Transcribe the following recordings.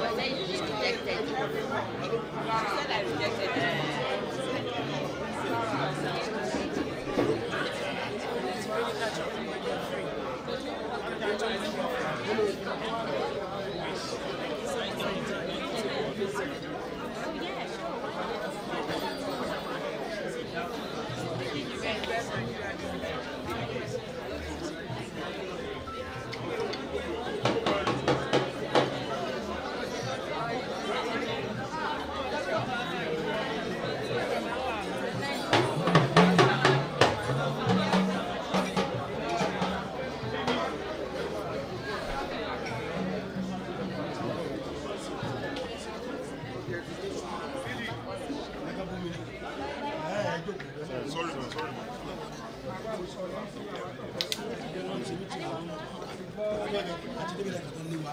C'est je discutais avec Je àti débìlẹ̀ kàtó ní wa.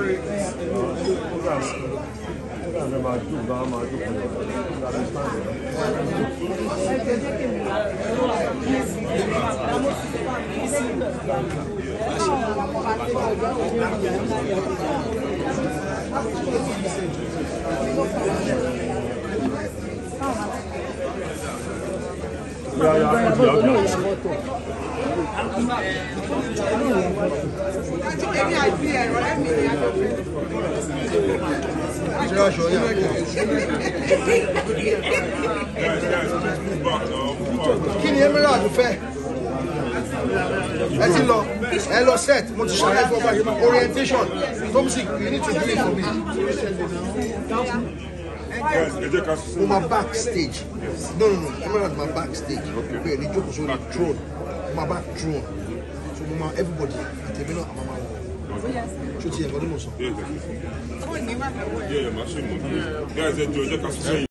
sorry, Yeah, yeah, yeah. yeah rush on ya. kí ni fẹ́ ẹ ti lọ ẹ lọ set mo ti ṣàlàyé fún ọba orientation tomsi you need to do it for me. mo ma back stage no no no emirate ma back stage bẹ́ẹ̀ ni jókòó sórí throne ma back drone. so mo ma everybody àtẹ̀mí náà àmàmà wọn. Yes. Oh, yeah. yapalım